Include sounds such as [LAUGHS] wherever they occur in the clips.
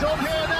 Job here now.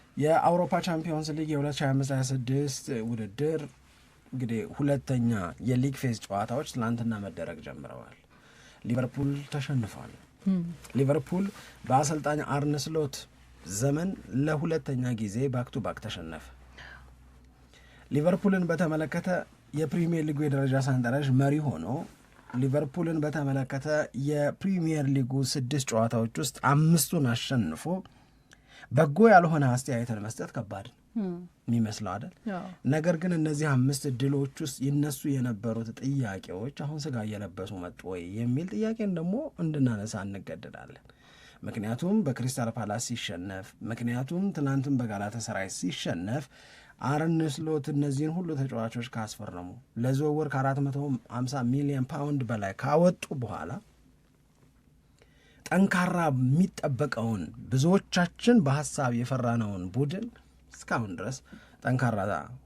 የአውሮፓ ቻምፒዮንስ ሊግ የ2526 ውድድር እንግዲህ ሁለተኛ የሊግ ፌዝ ጨዋታዎች ትናንትና መደረግ ጀምረዋል። ሊቨርፑል ተሸንፏል። ሊቨርፑል በአሰልጣኝ አርነ ስሎት ዘመን ለሁለተኛ ጊዜ ባክቱ ባክ ተሸነፈ። ሊቨርፑልን በተመለከተ የፕሪሚየር ሊጉ የደረጃ ሰንጠረዥ መሪ ሆኖ ሊቨርፑልን በተመለከተ የፕሪሚየር ሊጉ ስድስት ጨዋታዎች ውስጥ አምስቱን አሸንፎ በጎ ያልሆነ አስተያየትን መስጠት ከባድ የሚመስለው አይደል? ነገር ግን እነዚህ አምስት ድሎች ውስጥ ይነሱ የነበሩት ጥያቄዎች አሁን ስጋ እየለበሱ መጡ ወይ የሚል ጥያቄን ደግሞ እንድናነሳ እንገደዳለን። ምክንያቱም በክሪስታል ፓላስ ሲሸነፍ፣ ምክንያቱም ትናንትም በጋላታሳራይ ሲሸነፍ አርነ ስሎት እነዚህን ሁሉ ተጫዋቾች ካስፈረሙ ለዝውውር ከአራት መቶ ሚሊዮን ፓውንድ በላይ ካወጡ በኋላ ጠንካራ የሚጠበቀውን ብዙዎቻችን በሀሳብ የፈራነውን ቡድን እስካሁን ድረስ ጠንካራ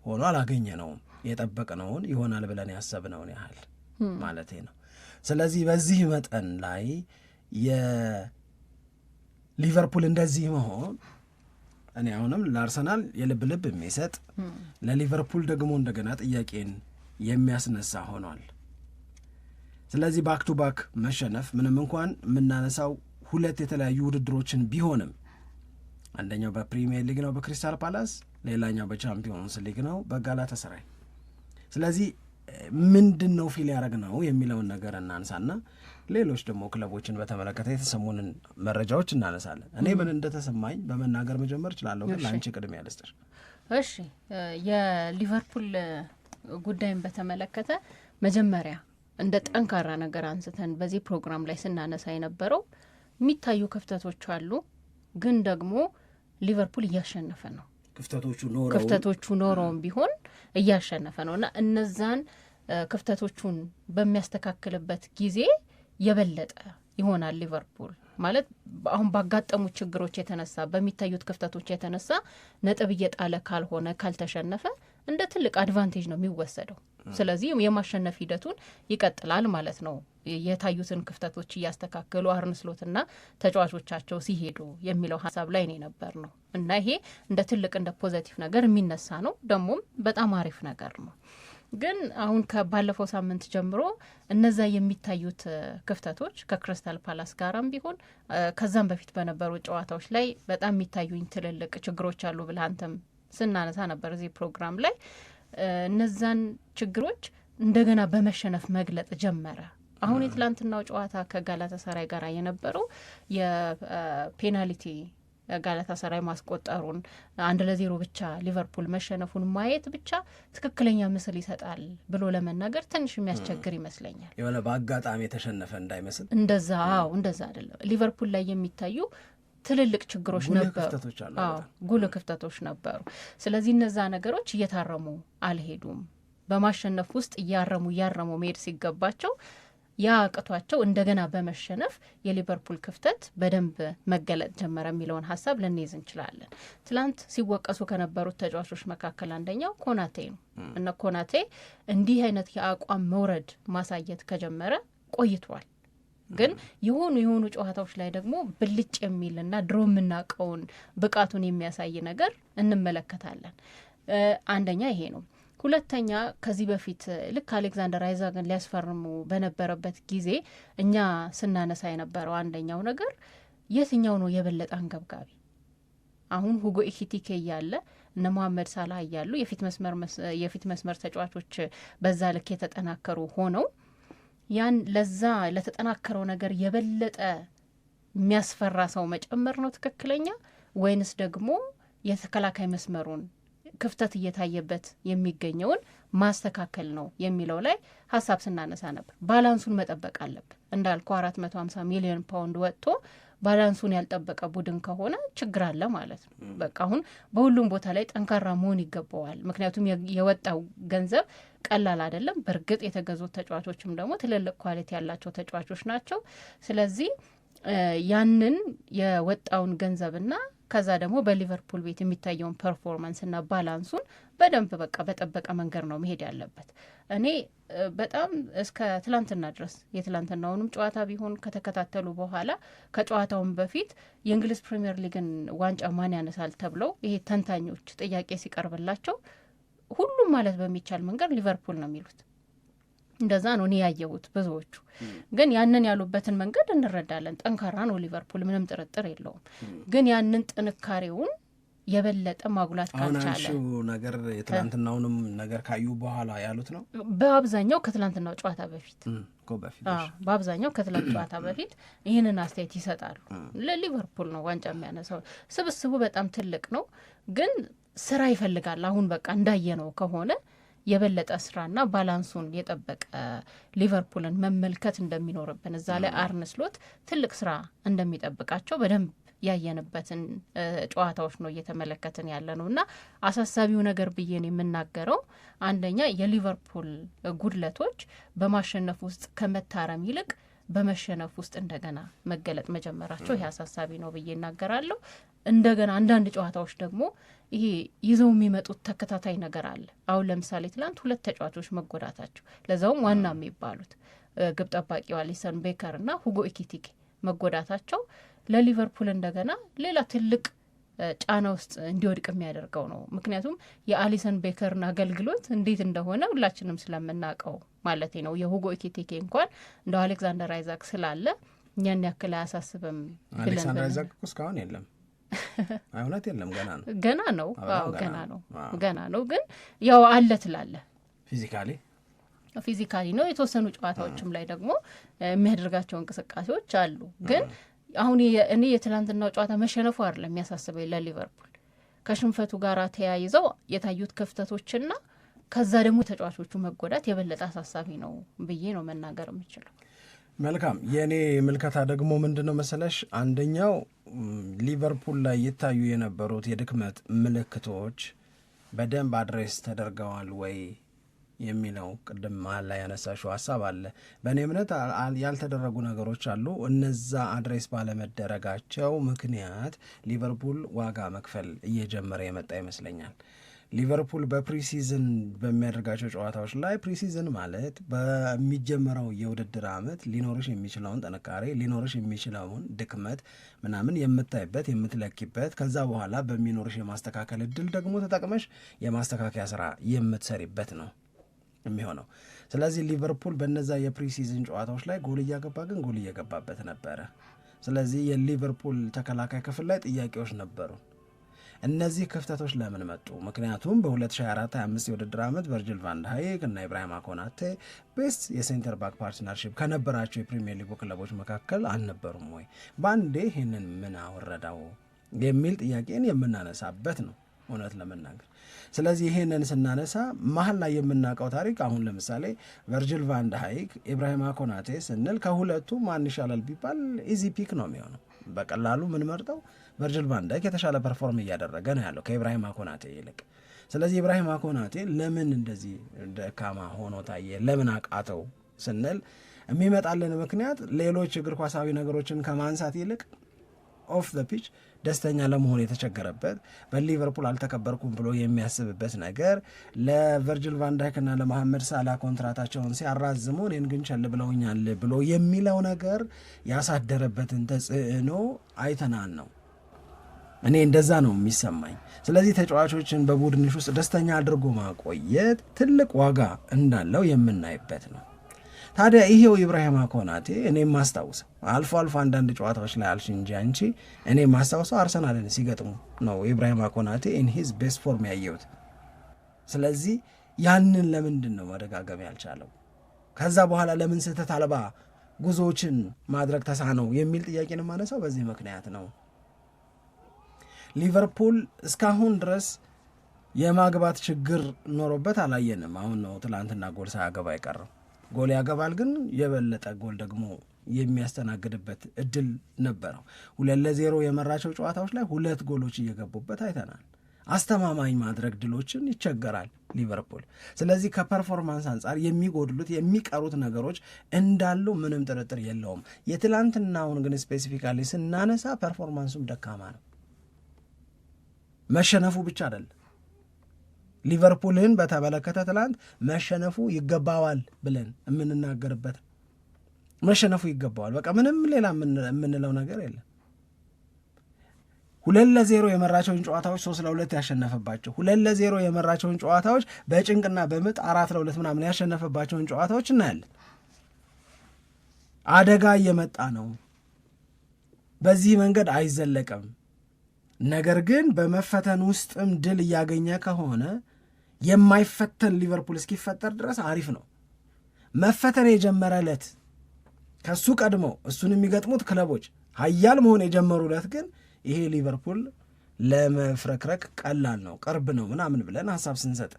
ሆኖ አላገኘነውም። የጠበቅነውን ይሆናል ብለን ያሰብነውን ያህል hmm. ማለቴ ነው። ስለዚህ በዚህ መጠን ላይ የሊቨርፑል እንደዚህ መሆን እኔ አሁንም ለአርሰናል የልብ ልብ የሚሰጥ hmm. ለሊቨርፑል ደግሞ እንደገና ጥያቄን የሚያስነሳ ሆኗል። ስለዚህ ባክ ቱ ባክ መሸነፍ ምንም እንኳን የምናነሳው ሁለት የተለያዩ ውድድሮችን ቢሆንም አንደኛው በፕሪሚየር ሊግ ነው በክሪስታል ፓላስ፣ ሌላኛው በቻምፒዮንስ ሊግ ነው በጋላታሳራይ። ስለዚህ ምንድን ነው ፊል ያደረግ ነው የሚለውን ነገር እናንሳና ሌሎች ደግሞ ክለቦችን በተመለከተ የተሰሙንን መረጃዎች እናነሳለን። እኔ ምን እንደተሰማኝ በመናገር መጀመር እችላለሁ፣ ግን ለአንቺ ቅድሚያ ልስጥሽ። እሺ፣ የሊቨርፑል ጉዳይን በተመለከተ መጀመሪያ እንደ ጠንካራ ነገር አንስተን በዚህ ፕሮግራም ላይ ስናነሳ የነበረው የሚታዩ ክፍተቶች አሉ፣ ግን ደግሞ ሊቨርፑል እያሸነፈ ነው። ክፍተቶቹ ኖረውም ቢሆን እያሸነፈ ነው እና እነዛን ክፍተቶቹን በሚያስተካክልበት ጊዜ የበለጠ ይሆናል ሊቨርፑል ማለት አሁን ባጋጠሙ ችግሮች የተነሳ በሚታዩት ክፍተቶች የተነሳ ነጥብ እየጣለ ካልሆነ ካልተሸነፈ እንደ ትልቅ አድቫንቴጅ ነው የሚወሰደው። ስለዚህ የማሸነፍ ሂደቱን ይቀጥላል ማለት ነው። የታዩትን ክፍተቶች እያስተካከሉ አርንስሎትና ተጫዋቾቻቸው ሲሄዱ የሚለው ሀሳብ ላይ ነው የነበር ነው እና ይሄ እንደ ትልቅ እንደ ፖዘቲቭ ነገር የሚነሳ ነው። ደግሞም በጣም አሪፍ ነገር ነው። ግን አሁን ከባለፈው ሳምንት ጀምሮ እነዛ የሚታዩት ክፍተቶች ከክሪስታል ፓላስ ጋራም ቢሆን ከዛም በፊት በነበሩ ጨዋታዎች ላይ በጣም የሚታዩኝ ትልልቅ ችግሮች አሉ ብለህ አንተም ስናነሳ ነበር እዚህ ፕሮግራም ላይ እነዛን ችግሮች እንደገና በመሸነፍ መግለጥ ጀመረ። አሁን የትላንትናው ጨዋታ ከጋላታ ሰራይ ጋር የነበረው የፔናልቲ ጋላታ ሰራይ ማስቆጠሩን አንድ ለዜሮ ብቻ ሊቨርፑል መሸነፉን ማየት ብቻ ትክክለኛ ምስል ይሰጣል ብሎ ለመናገር ትንሽ የሚያስቸግር ይመስለኛል። የሆነ በአጋጣሚ የተሸነፈ እንዳይመስል እንደዛ። አዎ እንደዛ አይደለም ሊቨርፑል ላይ የሚታዩ ትልልቅ ችግሮች ነበሩ፣ ጉልህ ክፍተቶች ነበሩ። ስለዚህ እነዛ ነገሮች እየታረሙ አልሄዱም። በማሸነፍ ውስጥ እያረሙ እያረሙ መሄድ ሲገባቸው አቅቷቸው እንደገና በመሸነፍ የሊቨርፑል ክፍተት በደንብ መገለጥ ጀመረ የሚለውን ሀሳብ ልንይዝ እንችላለን። ትላንት ሲወቀሱ ከነበሩት ተጫዋቾች መካከል አንደኛው ኮናቴ ነው እና ኮናቴ እንዲህ አይነት የአቋም መውረድ ማሳየት ከጀመረ ቆይቷል። ግን የሆኑ የሆኑ ጨዋታዎች ላይ ደግሞ ብልጭ የሚልና ድሮ የምናውቀውን ብቃቱን የሚያሳይ ነገር እንመለከታለን። አንደኛ ይሄ ነው። ሁለተኛ ከዚህ በፊት ልክ አሌክዛንደር አይዛግን ሊያስፈርሙ በነበረበት ጊዜ እኛ ስናነሳ የነበረው አንደኛው ነገር የትኛው ነው የበለጠ አንገብጋቢ? አሁን ሁጎ ኢኪቲኬ እያለ እነ መሀመድ ሳላህ እያሉ የፊት መስመር የፊት መስመር ተጫዋቾች በዛ ልክ የተጠናከሩ ሆነው ያን ለዛ ለተጠናከረው ነገር የበለጠ የሚያስፈራ ሰው መጨመር ነው ትክክለኛ ወይንስ ደግሞ የተከላካይ መስመሩን ክፍተት እየታየበት የሚገኘውን ማስተካከል ነው የሚለው ላይ ሀሳብ ስናነሳ ነበር። ባላንሱን መጠበቅ አለብን። እንዳልኩ አራት መቶ ሀምሳ ሚሊዮን ፓውንድ ወጥቶ ባላንሱን ያልጠበቀ ቡድን ከሆነ ችግር አለ ማለት ነው። በቃ አሁን በሁሉም ቦታ ላይ ጠንካራ መሆን ይገባዋል። ምክንያቱም የወጣው ገንዘብ ቀላል አይደለም። በእርግጥ የተገዙት ተጫዋቾችም ደግሞ ትልልቅ ኳሊቲ ያላቸው ተጫዋቾች ናቸው። ስለዚህ ያንን የወጣውን ገንዘብና ከዛ ደግሞ በሊቨርፑል ቤት የሚታየውን ፐርፎርማንስ እና ባላንሱን በደንብ በቃ በጠበቀ መንገድ ነው መሄድ ያለበት። እኔ በጣም እስከ ትላንትና ድረስ የትላንትናውንም ጨዋታ ቢሆን ከተከታተሉ በኋላ ከጨዋታውን በፊት የእንግሊዝ ፕሪምየር ሊግን ዋንጫ ማን ያነሳል ተብለው ይሄ ተንታኞች ጥያቄ ሲቀርብላቸው ሁሉም ማለት በሚቻል መንገድ ሊቨርፑል ነው የሚሉት። እንደዛ ነው እኔ ያየሁት። ብዙዎቹ ግን ያንን ያሉበትን መንገድ እንረዳለን። ጠንካራ ነው ሊቨርፑል፣ ምንም ጥርጥር የለውም። ግን ያንን ጥንካሬውን የበለጠ ማጉላት ካልቻለ ነገር የትላንትናውንም ነገር ካዩ በኋላ ያሉት ነው። በአብዛኛው ከትላንትናው ጨዋታ በፊት በአብዛኛው ከትላንት ጨዋታ በፊት ይህንን አስተያየት ይሰጣሉ። ለሊቨርፑል ነው ዋንጫ የሚያነሳው። ስብስቡ በጣም ትልቅ ነው፣ ግን ስራ ይፈልጋል። አሁን በቃ እንዳየ ነው ከሆነ የበለጠ ስራና ባላንሱን የጠበቀ ሊቨርፑልን መመልከት እንደሚኖርብን እዛ ላይ አርነ ስሎት ትልቅ ስራ እንደሚጠብቃቸው በደንብ ያየንበትን ጨዋታዎች ነው እየተመለከትን ያለ ነው እና አሳሳቢው ነገር ብዬን የምናገረው አንደኛ የሊቨርፑል ጉድለቶች በማሸነፍ ውስጥ ከመታረም ይልቅ በመሸነፍ ውስጥ እንደገና መገለጥ መጀመራቸው ይህ አሳሳቢ ነው ብዬ እናገራለሁ። እንደገና አንዳንድ ጨዋታዎች ደግሞ ይሄ ይዘው የሚመጡት ተከታታይ ነገር አለ። አሁን ለምሳሌ ትናንት ሁለት ተጫዋቾች መጎዳታቸው ለዛውም ዋና የሚባሉት ግብ ጠባቂው አሊሰን ቤከር እና ሁጎ ኢኪቲኬ መጎዳታቸው ለሊቨርፑል እንደገና ሌላ ትልቅ ጫና ውስጥ እንዲወድቅ የሚያደርገው ነው። ምክንያቱም የአሊሰን ቤከርን አገልግሎት እንዴት እንደሆነ ሁላችንም ስለምናውቀው ማለት ነው። የሁጎ ኢኪቲኬ እንኳን እንደው አሌክዛንደር አይዛክ ስላለ እኛን ያክል አያሳስብም አይዛክ እስካሁን የለም እውነት የለም ገና ነው ገና ነው ገና ነው ገና ነው። ግን ያው አለ ትላለ ፊዚካሊ ፊዚካሊ ነው። የተወሰኑ ጨዋታዎችም ላይ ደግሞ የሚያደርጋቸው እንቅስቃሴዎች አሉ። ግን አሁን እኔ የትላንትናው ጨዋታ መሸነፉ አይደለም የሚያሳስበኝ ለሊቨርፑል ከሽንፈቱ ጋር ተያይዘው የታዩት ክፍተቶችና ከዛ ደግሞ ተጫዋቾቹ መጎዳት የበለጠ አሳሳቢ ነው ብዬ ነው መናገር የምችለው። መልካም የእኔ ምልከታ ደግሞ ምንድን ነው መሰለሽ፣ አንደኛው ሊቨርፑል ላይ ይታዩ የነበሩት የድክመት ምልክቶች በደንብ አድሬስ ተደርገዋል ወይ የሚለው ቅድም መሀል ላይ ያነሳሽው ሀሳብ አለ። በእኔ እምነት ያልተደረጉ ነገሮች አሉ። እነዛ አድሬስ ባለመደረጋቸው ምክንያት ሊቨርፑል ዋጋ መክፈል እየጀመረ የመጣ ይመስለኛል። ሊቨርፑል በፕሪሲዝን በሚያደርጋቸው ጨዋታዎች ላይ ፕሪሲዝን ማለት በሚጀመረው የውድድር ዓመት ሊኖርሽ የሚችለውን ጥንካሬ ሊኖርሽ የሚችለውን ድክመት ምናምን የምታይበት የምትለኪበት፣ ከዛ በኋላ በሚኖርሽ የማስተካከል እድል ደግሞ ተጠቅመሽ የማስተካከያ ስራ የምትሰሪበት ነው የሚሆነው። ስለዚህ ሊቨርፑል በነዛ የፕሪሲዝን ጨዋታዎች ላይ ጎል እያገባ ግን ጎል እየገባበት ነበረ። ስለዚህ የሊቨርፑል ተከላካይ ክፍል ላይ ጥያቄዎች ነበሩ። እነዚህ ክፍተቶች ለምን መጡ? ምክንያቱም በ2024/25 የውድድር ዓመት ቨርጅል ቫንዳይክ እና ኢብራሂማ ኮናቴ ቤስት የሴንተር ባክ ፓርትነርሽፕ ከነበራቸው የፕሪምየር ሊጉ ክለቦች መካከል አልነበሩም ወይ? በአንዴ ይህንን ምን አወረዳው የሚል ጥያቄን የምናነሳበት ነው እውነት ለመናገር ስለዚህ ይህንን ስናነሳ መሀል ላይ የምናውቀው ታሪክ አሁን ለምሳሌ ቨርጅል ቫንድ ሀይክ ኢብራሂማ ኮናቴ ስንል ከሁለቱ ማን ይሻላል ቢባል ኢዚ ፒክ ነው የሚሆነው። በቀላሉ ምንመርጠው ቨርጅል ቫንዳይክ የተሻለ ፐርፎርም እያደረገ ነው ያለው ከኢብራሂማ ኮናቴ ይልቅ። ስለዚህ ኢብራሂማ ኮናቴ ለምን እንደዚህ ደካማ ሆኖ ታየ፣ ለምን አቃተው ስንል የሚመጣልን ምክንያት ሌሎች እግር ኳሳዊ ነገሮችን ከማንሳት ይልቅ ኦፍ ዘ ፒች ደስተኛ ለመሆን የተቸገረበት በሊቨርፑል አልተከበርኩም ብሎ የሚያስብበት ነገር ለቨርጅል ቫንዳይክና ለመሐመድ ሳላ ኮንትራታቸውን ሲያራዝሙ እኔን ግን ቸል ብለውኛል ብሎ የሚለው ነገር ያሳደረበትን ተጽዕኖ አይተናን ነው። እኔ እንደዛ ነው የሚሰማኝ። ስለዚህ ተጫዋቾችን በቡድንሽ ውስጥ ደስተኛ አድርጎ ማቆየት ትልቅ ዋጋ እንዳለው የምናይበት ነው። ታዲያ ይሄው ኢብራሂማ ኮናቴ እኔ ማስታውሰው አልፎ አልፎ አንዳንድ ጨዋታዎች ላይ አልሽ እንጂ አንቺ እኔ ማስታውሰው አርሰናልን ሲገጥሙ ነው ኢብራሂማ ኮናቴ ኢን ሂዝ ቤስት ፎርም ያየሁት። ስለዚህ ያንን ለምንድን ነው መደጋገም ያልቻለው? ከዛ በኋላ ለምን ስህተት አልባ ጉዞዎችን ማድረግ ተሳነው የሚል ጥያቄን ማነሳው በዚህ ምክንያት ነው። ሊቨርፑል እስካሁን ድረስ የማግባት ችግር ኖሮበት አላየንም። አሁን ነው ትላንትና ጎል ሳያገባ አይቀርም። ጎል ያገባል፣ ግን የበለጠ ጎል ደግሞ የሚያስተናግድበት እድል ነበረው። ሁለት ለዜሮ የመራቸው ጨዋታዎች ላይ ሁለት ጎሎች እየገቡበት አይተናል። አስተማማኝ ማድረግ ድሎችን ይቸገራል ሊቨርፑል። ስለዚህ ከፐርፎርማንስ አንጻር የሚጎድሉት የሚቀሩት ነገሮች እንዳሉ ምንም ጥርጥር የለውም። የትላንትናውን ግን ስፔሲፊካሊ ስናነሳ ፐርፎርማንሱም ደካማ ነው። መሸነፉ ብቻ አይደለም። ሊቨርፑልን በተመለከተ ትናንት መሸነፉ ይገባዋል ብለን የምንናገርበት መሸነፉ ይገባዋል። በቃ ምንም ሌላ የምንለው ነገር የለም። ሁለት ለዜሮ የመራቸውን ጨዋታዎች ሶስት ለሁለት ያሸነፈባቸው፣ ሁለት ለዜሮ የመራቸውን ጨዋታዎች በጭንቅና በምጥ አራት ለሁለት ምናምን ያሸነፈባቸውን ጨዋታዎች እናያለን። አደጋ እየመጣ ነው። በዚህ መንገድ አይዘለቅም። ነገር ግን በመፈተን ውስጥም ድል እያገኘ ከሆነ የማይፈተን ሊቨርፑል እስኪፈጠር ድረስ አሪፍ ነው። መፈተን የጀመረ ዕለት ከሱ ቀድመው እሱን የሚገጥሙት ክለቦች ሀያል መሆን የጀመሩ ዕለት ግን ይሄ ሊቨርፑል ለመፍረክረክ ቀላል ነው፣ ቅርብ ነው ምናምን ብለን ሀሳብ ስንሰጥ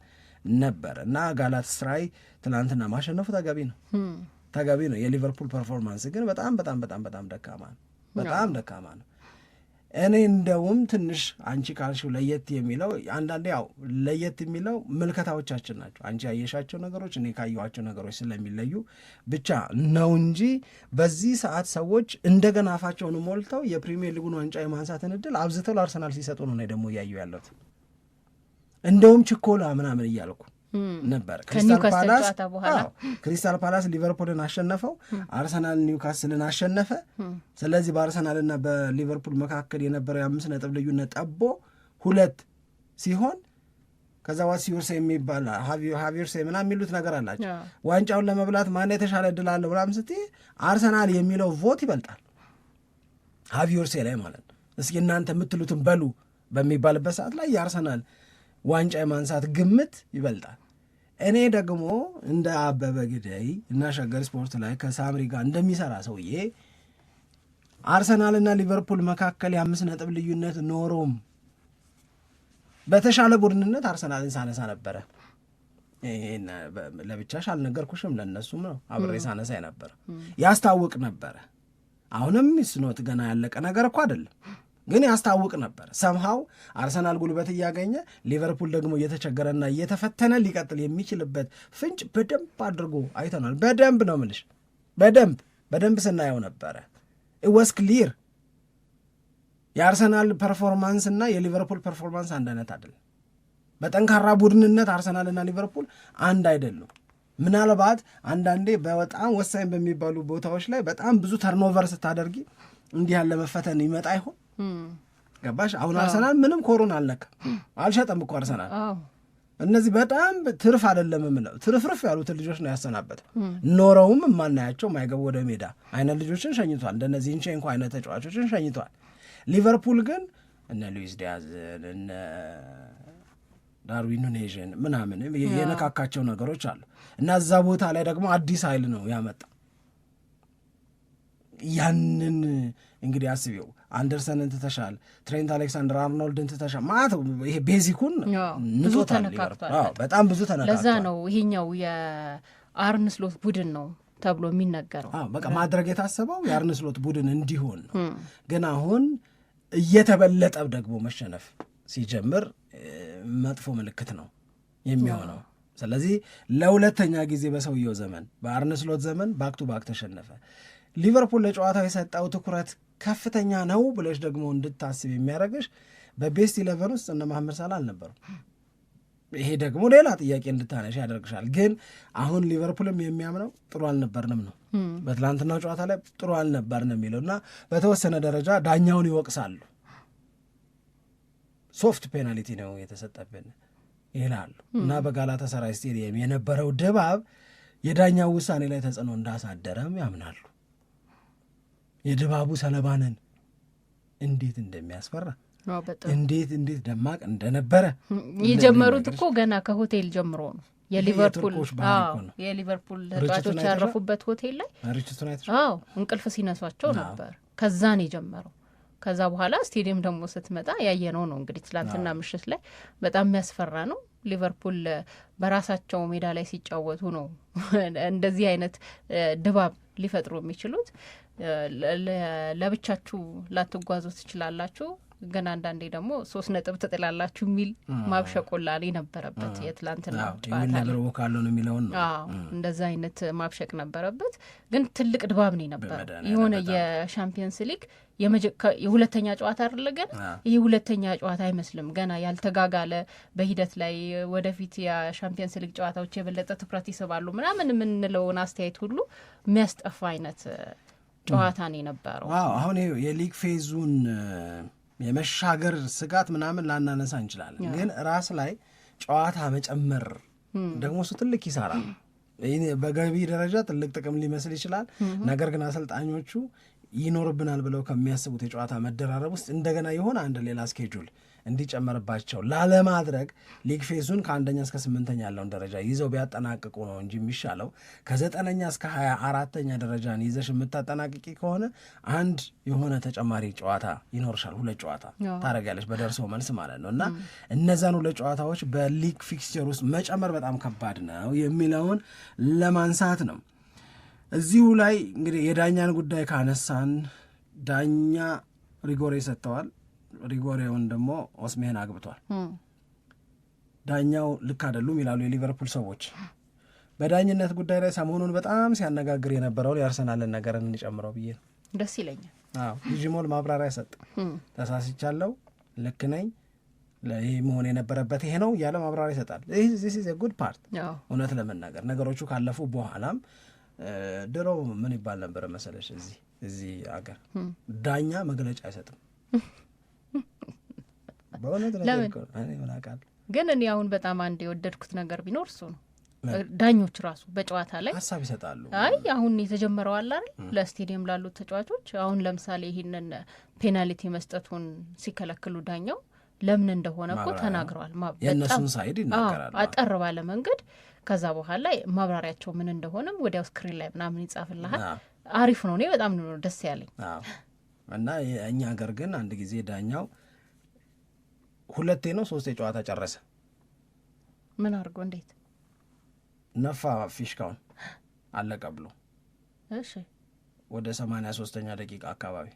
ነበር እና ጋላት ስራይ ትናንትና ማሸነፉ ተገቢ ነው ተገቢ ነው። የሊቨርፑል ፐርፎርማንስ ግን በጣም በጣም በጣም በጣም ደካማ ነው። በጣም ደካማ ነው። እኔ እንደውም ትንሽ አንቺ ካልሽው ለየት የሚለው አንዳንዴ ያው ለየት የሚለው ምልከታዎቻችን ናቸው። አንቺ ያየሻቸው ነገሮች እኔ ካየኋቸው ነገሮች ስለሚለዩ ብቻ ነው እንጂ በዚህ ሰዓት ሰዎች እንደገና አፋቸውን ሞልተው የፕሪሚየር ሊጉን ዋንጫ የማንሳትን እድል አብዝተው ለአርሰናል ሲሰጡ ነው ደግሞ እያየሁ ያለሁት እንደውም ችኮላ ምናምን እያልኩ ነበር። ክሪስታል ፓላስ ሊቨርፑልን አሸነፈው፣ አርሰናል ኒውካስልን አሸነፈ። ስለዚህ በአርሰናልና በሊቨርፑል መካከል የነበረው የአምስት ነጥብ ልዩነት ጠቦ ሁለት ሲሆን ከዛ ዋሲዩርሴ የሚባል ሀቪርሴ ምና የሚሉት ነገር አላቸው። ዋንጫውን ለመብላት ማን የተሻለ እድል አለው ብላም ስትይ አርሰናል የሚለው ቮት ይበልጣል ሀቪርሴ ላይ ማለት ነው። እስኪ እናንተ የምትሉትን በሉ በሚባልበት ሰዓት ላይ የአርሰናል ዋንጫ የማንሳት ግምት ይበልጣል። እኔ ደግሞ እንደ አበበ ግደይ እና ሸገር ስፖርት ላይ ከሳምሪ ጋር እንደሚሰራ ሰውዬ አርሰናልና ሊቨርፑል መካከል የአምስት ነጥብ ልዩነት ኖሮም በተሻለ ቡድንነት አርሰናልን ሳነሳ ነበረ። ለብቻሽ አልነገርኩሽም፣ ለእነሱም ነው አብሬ ሳነሳ ነበር። ያስታውቅ ነበረ። አሁንም ስኖት ገና ያለቀ ነገር እኮ አይደለም። ግን ያስታውቅ ነበር። ሰምሃው አርሰናል ጉልበት እያገኘ ሊቨርፑል ደግሞ እየተቸገረና እየተፈተነ ሊቀጥል የሚችልበት ፍንጭ በደንብ አድርጎ አይተናል። በደንብ ነው ምልሽ፣ በደንብ በደንብ ስናየው ነበረ። ወስ ክሊር የአርሰናል ፐርፎርማንስ እና የሊቨርፑል ፐርፎርማንስ አንድ አይነት አይደለም። በጠንካራ ቡድንነት አርሰናልና ሊቨርፑል አንድ አይደሉም። ምናልባት አንዳንዴ በጣም ወሳኝ በሚባሉ ቦታዎች ላይ በጣም ብዙ ተርኖቨር ስታደርጊ እንዲህ ያለ መፈተን ይመጣ ይሆን? ገባሽ? አሁን አርሰናል ምንም ኮሮን አልነካም፣ አልሸጠም እኮ አርሰናል። እነዚህ በጣም ትርፍ አይደለም የምለው ትርፍርፍ ያሉትን ልጆች ነው ያሰናበት ኖረውም የማናያቸው ማይገቡ ወደ ሜዳ አይነት ልጆችን ሸኝቷል። እንደነዚህ እንቼንኮ አይነት ተጫዋቾችን ሸኝቷል። ሊቨርፑል ግን እነ ሉዊስ ዲያዝን እነ ዳርዊን ኑኔዥን ምናምን የነካካቸው ነገሮች አሉ እና እዛ ቦታ ላይ ደግሞ አዲስ ኃይል ነው ያመጣ። ያንን እንግዲህ አስቢው አንደርሰንን ትተሻል፣ ትሬንት አሌክሳንደር አርኖልድን ትተሻል ማለት ይሄ ቤዚኩን ብዙ ተነካክቷል። በጣም ብዙ ተነካክቷል። ለዛ ነው ይሄኛው የአርን ስሎት ቡድን ነው ተብሎ የሚነገረው። በቃ ማድረግ የታሰበው የአርንስሎት ስሎት ቡድን እንዲሆን ነው። ግን አሁን እየተበለጠ ደግሞ መሸነፍ ሲጀምር መጥፎ ምልክት ነው የሚሆነው። ስለዚህ ለሁለተኛ ጊዜ በሰውየው ዘመን በአርነ ስሎት ዘመን ባክቱ ባክ ተሸነፈ። ሊቨርፑል ለጨዋታው የሰጠው ትኩረት ከፍተኛ ነው ብለሽ ደግሞ እንድታስብ የሚያደርግሽ በቤስት ኢለቨን ውስጥ እነ መሐመድ ሳላ አልነበሩም። ይሄ ደግሞ ሌላ ጥያቄ እንድታነሽ ያደርግሻል። ግን አሁን ሊቨርፑልም የሚያምነው ጥሩ አልነበርንም ነው፣ በትላንትናው ጨዋታ ላይ ጥሩ አልነበርንም የሚለው እና በተወሰነ ደረጃ ዳኛውን ይወቅሳሉ። ሶፍት ፔናልቲ ነው የተሰጠብን ይላሉ እና ሰራይ ስቴዲየም የነበረው ድባብ የዳኛው ውሳኔ ላይ ተጽዕኖ እንዳሳደረም ያምናሉ። የድባቡ ሰለባ ነን እንዴት እንደሚያስፈራ እንዴት እንዴት ደማቅ እንደነበረ [LAUGHS] የጀመሩት እኮ ገና ከሆቴል ጀምሮ ነው። የሊቨርፑል የሊቨርፑል ተጫዋቾች ያረፉበት ሆቴል ላይ አዎ እንቅልፍ ሲነሷቸው ነበር። ከዛ ነው የጀመረው። ከዛ በኋላ ስቴዲየም ደግሞ ስትመጣ ያየነው ነው እንግዲህ ትላንትና ምሽት ላይ በጣም የሚያስፈራ ነው። ሊቨርፑል በራሳቸው ሜዳ ላይ ሲጫወቱ ነው [LAUGHS] እንደዚህ አይነት ድባብ ሊፈጥሩ የሚችሉት። ለብቻችሁ ላትጓዙ ትችላላችሁ ግን አንዳንዴ ደግሞ ሶስት ነጥብ ትጥላላችሁ የሚል ማብሸቆላ ነበረበት። የትላንትና ነው የሚለውን እንደዛ አይነት ማብሸቅ ነበረበት። ግን ትልቅ ድባብ ነው የነበረ የሆነ የሻምፒየንስ ሊግ የሁለተኛ ጨዋታ አይደለ ግን ይህ ሁለተኛ ጨዋታ አይመስልም። ገና ያልተጋጋለ በሂደት ላይ ወደፊት የሻምፒየንስ ሊግ ጨዋታዎች የበለጠ ትኩረት ይስባሉ ምናምን የምንለውን አስተያየት ሁሉ የሚያስጠፋ አይነት ጨዋታ ነው የነበረው። አሁን የሊግ ፌዙን የመሻገር ስጋት ምናምን ላናነሳ እንችላለን፣ ግን ራስ ላይ ጨዋታ መጨመር ደግሞ እሱ ትልቅ ይሰራ በገቢ ደረጃ ትልቅ ጥቅም ሊመስል ይችላል። ነገር ግን አሰልጣኞቹ ይኖርብናል ብለው ከሚያስቡት የጨዋታ መደራረብ ውስጥ እንደገና የሆነ አንድ ሌላ ስኬጁል እንዲጨመርባቸው ላለማድረግ ሊግ ፌዙን ከአንደኛ እስከ ስምንተኛ ያለውን ደረጃ ይዘው ቢያጠናቅቁ ነው እንጂ የሚሻለው ከዘጠነኛ እስከ ሀያ አራተኛ ደረጃን ይዘሽ የምታጠናቅቂ ከሆነ አንድ የሆነ ተጨማሪ ጨዋታ ይኖርሻል። ሁለት ጨዋታ ታደርጊያለሽ በደርሶ መልስ ማለት ነው እና እነዛን ሁለት ጨዋታዎች በሊግ ፊክስቸር ውስጥ መጨመር በጣም ከባድ ነው የሚለውን ለማንሳት ነው። እዚሁ ላይ እንግዲህ የዳኛን ጉዳይ ካነሳን ዳኛ ሪጎሬ ሰጥተዋል። ሪጎሬውን ደግሞ ኦስሜሄን አግብቷል። ዳኛው ልክ አይደሉም ይላሉ የሊቨርፑል ሰዎች። በዳኝነት ጉዳይ ላይ ሰሞኑን በጣም ሲያነጋግር የነበረውን ያርሰናልን ነገር እንጨምረው ብዬ ነው። ደስ ይለኛል። አዎ ዲጂሞል ማብራሪያ ሰጥ ተሳስቻለሁ፣ ልክ ነኝ፣ ይህ መሆን የነበረበት ይሄ ነው እያለ ማብራሪያ ይሰጣል። ዚስ ጉድ ፓርት እውነት ለመናገር ነገሮቹ ካለፉ በኋላም ድሮ ምን ይባል ነበረ መሰለሽ? እዚህ እዚህ አገር ዳኛ መግለጫ አይሰጥም። [LAUGHS] በእውነት ነገር ግን እኔ አሁን በጣም አንድ የወደድኩት ነገር ቢኖር እሱ ነው። ዳኞች ራሱ በጨዋታ ላይ ሀሳብ ይሰጣሉ። አይ አሁን የተጀመረው አለ አይደል ለስቴዲየም ላሉት ተጫዋቾች አሁን ለምሳሌ ይህንን ፔናልቲ መስጠቱን ሲከለክሉ ዳኛው ለምን እንደሆነ እኮ ተናግረዋል። የእነሱን ሳይድ ይናገራሉ አጠር ባለ መንገድ። ከዛ በኋላ ማብራሪያቸው ምን እንደሆነም ወዲያው ስክሪን ላይ ምናምን ይጻፍልሃል። አሪፍ ነው። እኔ በጣም ነው ደስ ያለኝ። እና እኛ ሀገር ግን አንድ ጊዜ ዳኛው ሁለቴ ነው ሶስቴ ጨዋታ ጨረሰ። ምን አድርጎ እንዴት ነፋ ፊሽካውን አለቀ ብሎ እሺ፣ ወደ ሰማንያ ሶስተኛ ደቂቃ አካባቢ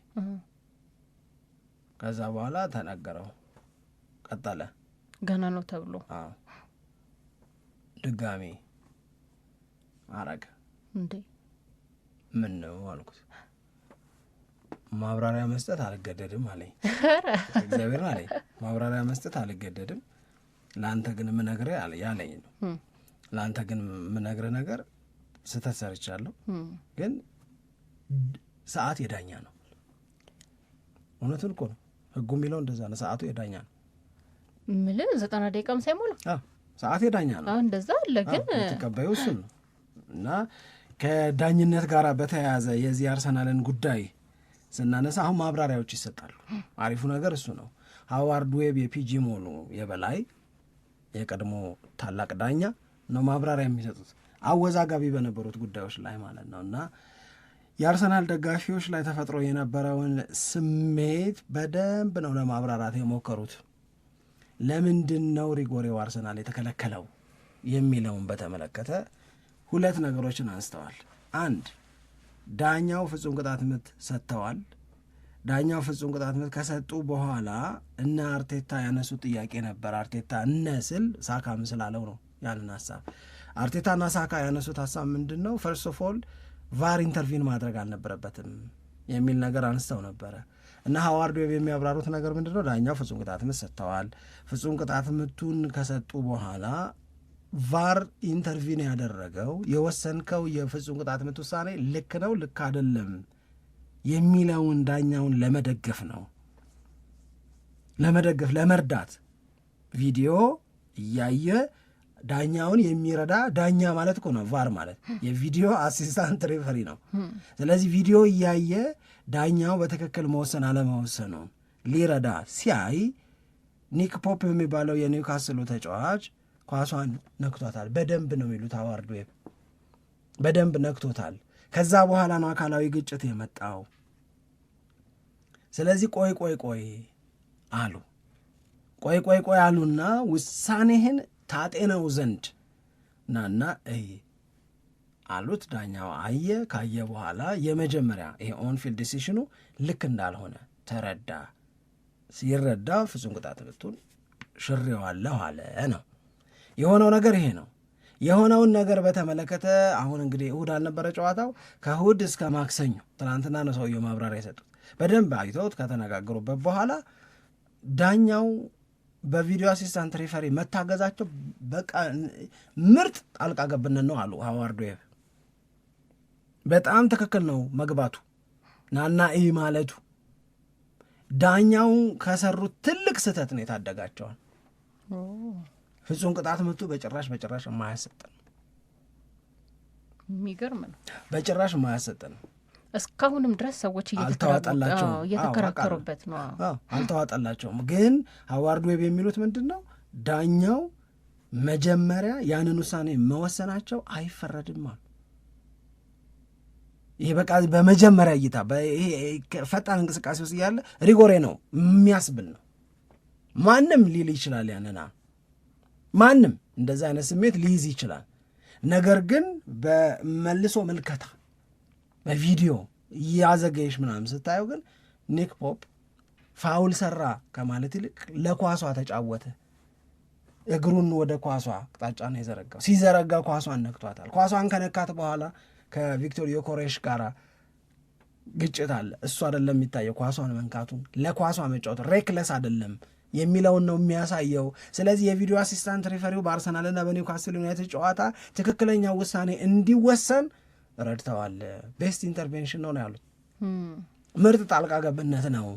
ከዛ በኋላ ተነገረው ቀጠለ። ገና ነው ተብሎ ድጋሚ አረገ እንዴ? ምን ነው አልኩት። ማብራሪያ መስጠት አልገደድም አለኝ። እግዚአብሔር አለኝ ማብራሪያ መስጠት አልገደድም፣ ለአንተ ግን የምነግርህ ያለኝ ነው። ለአንተ ግን የምነግርህ ነገር ስህተት ሰርቻለሁ፣ ግን ሰዓት የዳኛ ነው። እውነቱን እኮ ነው ህጉ የሚለው እንደዛ ነው። ሰዓቱ የዳኛ ነው ምል ዘጠና ደቂቃም ሳይሞላ ሰዓት የዳኛ ነው። እንደዛ አለ ግን ተቀባዩ እሱን ነው እና ከዳኝነት ጋር በተያያዘ የዚህ አርሰናልን ጉዳይ ስናነሳ አሁን ማብራሪያዎች ይሰጣሉ። አሪፉ ነገር እሱ ነው። ሀዋርድ ዌብ የፒጂ መሆኑ የበላይ የቀድሞ ታላቅ ዳኛ ነው ማብራሪያ የሚሰጡት አወዛጋቢ በነበሩት ጉዳዮች ላይ ማለት ነው እና የአርሰናል ደጋፊዎች ላይ ተፈጥሮ የነበረውን ስሜት በደንብ ነው ለማብራራት የሞከሩት። ለምንድን ነው ሪጎሬው አርሰናል የተከለከለው የሚለውን በተመለከተ ሁለት ነገሮችን አንስተዋል። አንድ ዳኛው ፍጹም ቅጣት ምት ሰጥተዋል። ዳኛው ፍጹም ቅጣት ምት ከሰጡ በኋላ እነ አርቴታ ያነሱ ጥያቄ ነበር። አርቴታ እነ ስል ሳካም ስላለው ነው ያንን ሀሳብ አርቴታና ሳካ ያነሱት ሀሳብ ምንድን ነው? ፈርስት ኦፍ ኦል ቫር ኢንተርቪን ማድረግ አልነበረበትም የሚል ነገር አንስተው ነበረ እና ሀዋርድ ዌብ የሚያብራሩት ነገር ምንድን ነው? ዳኛው ፍጹም ቅጣት ምት ሰጥተዋል። ፍጹም ቅጣት ምቱን ከሰጡ በኋላ ቫር ኢንተርቪን ያደረገው የወሰንከው የፍጹም ቅጣት ምት ውሳኔ ልክ ነው ልክ አይደለም የሚለውን ዳኛውን ለመደገፍ ነው ለመደገፍ ለመርዳት ቪዲዮ እያየ ዳኛውን የሚረዳ ዳኛ ማለት እኮ ነው ቫር ማለት የቪዲዮ አሲስታንት ሬፈሪ ነው ስለዚህ ቪዲዮ እያየ ዳኛው በትክክል መወሰን አለመወሰኑ ሊረዳ ሲያይ ኒክ ፖፕ የሚባለው የኒውካስሉ ተጫዋች ኳሷን ነክቶታል በደንብ ነው የሚሉት አዋርድ ዌብ፣ በደንብ ነክቶታል። ከዛ በኋላ ነው አካላዊ ግጭት የመጣው። ስለዚህ ቆይ ቆይ ቆይ አሉ ቆይ ቆይ ቆይ አሉና ውሳኔህን ታጤነው ዘንድ ናና እይ አሉት። ዳኛው አየ። ካየ በኋላ የመጀመሪያ ይሄ ኦንፊልድ ዲሲሽኑ ልክ እንዳልሆነ ተረዳ። ሲረዳ ፍጹም ቅጣት ምቱን ሽሬዋለሁ አለ ነው የሆነው ነገር ይሄ ነው። የሆነውን ነገር በተመለከተ አሁን እንግዲህ እሁድ አልነበረ ጨዋታው፣ ከእሁድ እስከ ማክሰኞ ትናንትና ነው ሰውየው ማብራሪያ የሰጡት። በደንብ አይተውት ከተነጋገሩበት በኋላ ዳኛው በቪዲዮ አሲስታንት ሪፈሪ መታገዛቸው በቃ ምርጥ ጣልቃ ገብነት ነው አሉ ሀዋርድ ዌብ። በጣም ትክክል ነው መግባቱ ናና ኢ ማለቱ ዳኛው ከሰሩት ትልቅ ስህተት ነው የታደጋቸዋል። ፍጹም ቅጣት ምቱ በጭራሽ በጭራሽ የማያሰጥ ነው። የሚገርም ነው። በጭራሽ የማያሰጥ ነው። እስካሁንም ድረስ ሰዎች እየተከራከሩበት ነው። አልተዋጠላቸውም። ግን ሀዋርድ ዌብ የሚሉት ምንድን ነው? ዳኛው መጀመሪያ ያንን ውሳኔ መወሰናቸው አይፈረድም አሉ። ይሄ በቃ በመጀመሪያ እይታ ፈጣን እንቅስቃሴ ውስጥ እያለ ሪጎሬ ነው የሚያስብል ነው። ማንም ሊል ይችላል ያንን ማንም እንደዚህ አይነት ስሜት ሊይዝ ይችላል። ነገር ግን በመልሶ ምልከታ በቪዲዮ እያዘገየሽ ምናምን ስታየው ግን ኒክ ፖፕ ፋውል ሰራ ከማለት ይልቅ ለኳሷ ተጫወተ። እግሩን ወደ ኳሷ አቅጣጫ ነው የዘረጋው። ሲዘረጋ ኳሷን ነክቷታል። ኳሷን ከነካት በኋላ ከቪክቶር ዮኮሬሽ ጋር ግጭት አለ። እሱ አይደለም የሚታየው ኳሷን መንካቱን፣ ለኳሷ መጫወት ሬክለስ አይደለም የሚለውን ነው የሚያሳየው። ስለዚህ የቪዲዮ አሲስታንት ሪፈሪው በአርሰናልና በኒውካስል ዩናይትድ ጨዋታ ትክክለኛ ውሳኔ እንዲወሰን ረድተዋል። ቤስት ኢንተርቬንሽን ነው ነው ያሉት። ምርጥ ጣልቃ ገብነት ነው።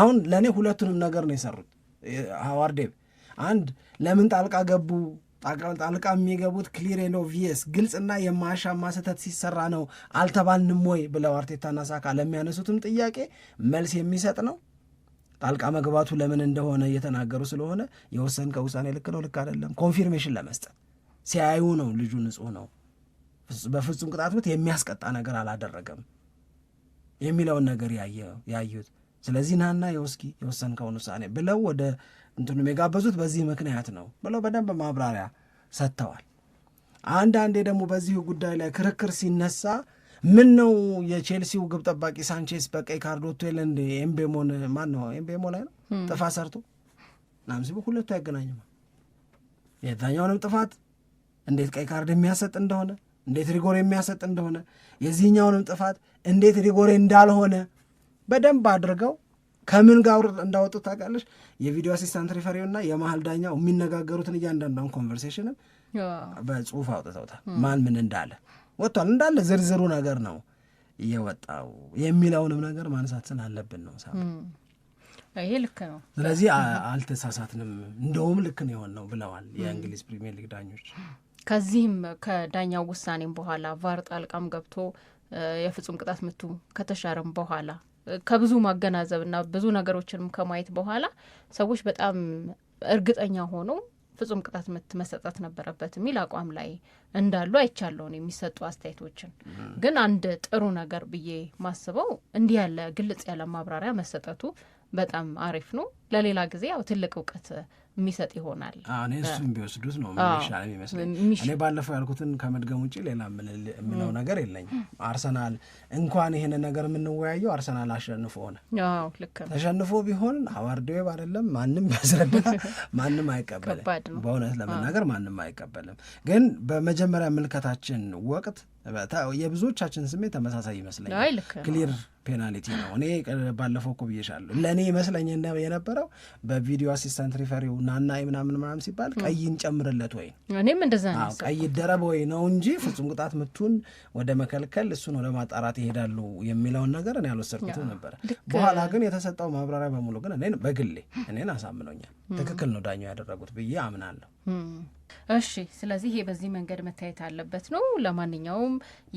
አሁን ለእኔ ሁለቱንም ነገር ነው የሰሩት ሀዋር አንድ ለምን ጣልቃ ገቡ? ጣልቃ የሚገቡት ክሊር ኤንድ ኦብቪየስ ግልጽና የማያሻማ ስህተት ሲሰራ ነው አልተባልንም ወይ ብለው አርቴታና ሳካ ለሚያነሱትም ጥያቄ መልስ የሚሰጥ ነው። ጣልቃ መግባቱ ለምን እንደሆነ እየተናገሩ ስለሆነ የወሰንከው ውሳኔ ልክ ነው፣ ልክ አይደለም ኮንፊርሜሽን ለመስጠት ሲያዩ ነው። ልጁ ንጹህ ነው፣ በፍጹም ቅጣት ምት የሚያስቀጣ ነገር አላደረገም የሚለውን ነገር ያዩት። ስለዚህ ናና የወስኪ የወሰንከውን ውሳኔ ብለው ወደ እንትኑ የጋበዙት በዚህ ምክንያት ነው ብለው በደንብ ማብራሪያ ሰጥተዋል። አንዳንዴ ደግሞ በዚህ ጉዳይ ላይ ክርክር ሲነሳ ምን ነው የቼልሲው ግብ ጠባቂ ሳንቼስ በቀይ ካርድ ወጥቶ የለ እንደ ኤምቤሞን ማን ነው ኤምቤሞ ላይ ነው ጥፋት ሰርቶ ናም ሲቡ ሁለቱ የዛኛውንም ጥፋት እንዴት ቀይ ካርድ የሚያሰጥ እንደሆነ እንዴት ሪጎሬ የሚያሰጥ እንደሆነ የዚህኛውንም ጥፋት እንዴት ሪጎሬ እንዳልሆነ በደንብ አድርገው ከምን ጋር እንዳወጡት ታውቃለች። የቪዲዮ አሲስታንት ሪፈሪውና የመሀል ዳኛው የሚነጋገሩትን እያንዳንዳውን ኮንቨርሴሽንም በጽሁፍ አውጥተውታል ማን ምን እንዳለ ወጥቷል። እንዳለ ዝርዝሩ ነገር ነው እየወጣው የሚለውንም ነገር ማንሳት አለብን ነው። ሳ ይሄ ልክ ነው። ስለዚህ አልተሳሳትንም፣ እንደውም ልክ ነው ነው ብለዋል የእንግሊዝ ፕሪሚየር ሊግ ዳኞች። ከዚህም ከዳኛው ውሳኔም በኋላ ቫር ጣልቃም ገብቶ የፍጹም ቅጣት ምቱ ከተሻረም በኋላ ከብዙ ማገናዘብና ብዙ ነገሮችንም ከማየት በኋላ ሰዎች በጣም እርግጠኛ ሆኖ ፍጹም ቅጣት ምት መሰጠት ነበረበት የሚል አቋም ላይ እንዳሉ አይቻለውን የሚሰጡ አስተያየቶችን። ግን አንድ ጥሩ ነገር ብዬ ማስበው እንዲህ ያለ ግልጽ ያለ ማብራሪያ መሰጠቱ በጣም አሪፍ ነው። ለሌላ ጊዜ ያው ትልቅ እውቀት የሚሰጥ ይሆናል። እኔ እሱም ቢወስዱት ነው ሚሻ ይመስለኝ። እኔ ባለፈው ያልኩትን ከመድገም ውጭ ሌላ የምለው ነገር የለኝም። አርሰናል እንኳን ይህን ነገር የምንወያየው አርሰናል አሸንፎ ሆነ ተሸንፎ ቢሆን ሀዋርድ ዌብ አይደለም ማንም ቢያስረዳ [LAUGHS] ማንም አይቀበልም። በእውነት ለመናገር ማንም አይቀበልም። ግን በመ የመጀመሪያ ምልከታችን ወቅት የብዙዎቻችን ስሜት ተመሳሳይ ይመስለኛል። ክሊር ፔናልቲ ነው። እኔ ባለፈው እኮ ብዬሻለሁ። ለእኔ ይመስለኝ የነበረው በቪዲዮ አሲስታንት ሪፈሪው ናና ምናምን ምናምን ሲባል ቀይ እንጨምርለት ወይ እኔም እንደዛ ቀይ ደረብ ወይ ነው እንጂ ፍጹም ቅጣት ምቱን ወደ መከልከል እሱን ወደ ማጣራት ይሄዳሉ የሚለውን ነገር እኔ አልወሰድኩትም ነበረ። በኋላ ግን የተሰጠው ማብራሪያ በሙሉ ግን እኔን በግሌ እኔን አሳምኖኛል። ትክክል ነው ዳኛው ያደረጉት ብዬ አምናለሁ። እሺ፣ ስለዚህ ይሄ በዚህ መንገድ መታየት አለበት ነው። ለማንኛውም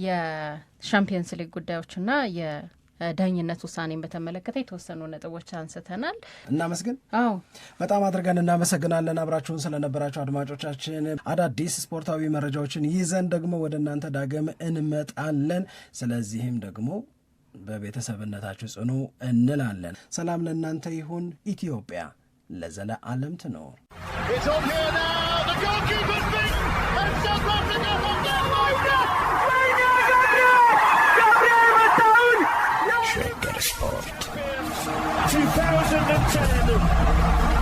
የሻምፒየንስ ሊግ ጉዳዮችና የዳኝነት ውሳኔን በተመለከተ የተወሰኑ ነጥቦች አንስተናል። እናመስግን። አዎ በጣም አድርገን እናመሰግናለን። አብራችሁን ስለነበራችሁ አድማጮቻችን፣ አዳዲስ ስፖርታዊ መረጃዎችን ይዘን ደግሞ ወደ እናንተ ዳግም እንመጣለን። ስለዚህም ደግሞ በቤተሰብነታችሁ ጽኑ እንላለን። ሰላም ለእናንተ ይሁን። ኢትዮጵያ ለዘለዓለም ትኖር። Trigger Sport. 2010.